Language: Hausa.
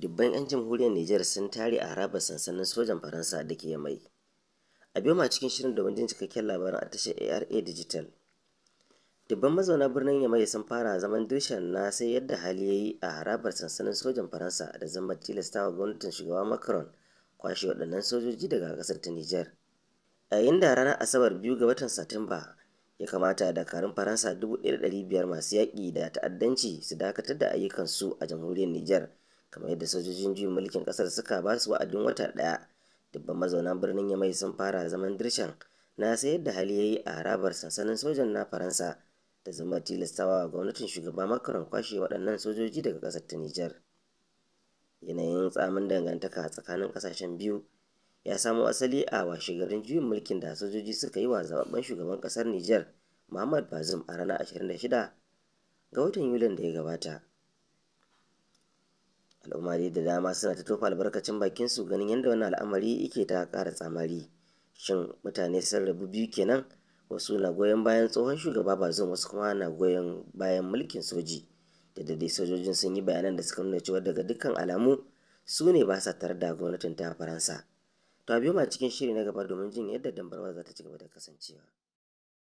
dubban 'yan jamhuriyar Nijar sun tare a harabar sansanin sojan Faransa da ke mai. A biyu ma cikin shirin domin jin cikakken labarin a tashar ARA Digital. Dubban mazauna birnin Yamai sun fara zaman dirshan na sai yadda hali ya yi a harabar sansanin sojan Faransa da zama tilastawa gwamnatin shugaba Macron kwashe waɗannan sojoji daga ƙasar ta Nijar. Yayin da ranar Asabar biyu ga watan Satumba ya kamata da karin Faransa ɗari biyar masu yaƙi da ta'addanci su dakatar da ayyukansu a jamhuriyar Nijar. kamar yadda sojojin juyin mulkin kasar suka ba su wa'adin wata daya dubban mazauna birnin yamai sun fara zaman dirshan na sayar da hali ya yi a harabar sansanin sojan na faransa da zama tilastawa gwamnatin shugaba makaron kwashe waɗannan sojoji daga ƙasar ta nijar yanayin tsamin dangantaka tsakanin ƙasashen biyu ya samo asali a washegarin juyin mulkin da sojoji suka yi wa zababben shugaban ƙasar nijar muhammad bazum a ranar 26 ga watan yulin da ya gabata al'umma da dama suna ta tofa albarkacin bakin su ganin yadda wani al'amari yake ta ƙara tsamari shin mutane sun rabu biyu kenan wasu na goyon bayan tsohon shugaba bazum wasu kuma na goyon bayan mulkin soji da dai sojojin sun yi bayanan da suka nuna cewa daga dukkan alamu su ne ba sa tare da gwamnatin ta faransa to a biyu ma cikin shiri na gaba domin jin yadda dambarwa za ta ci gaba da kasancewa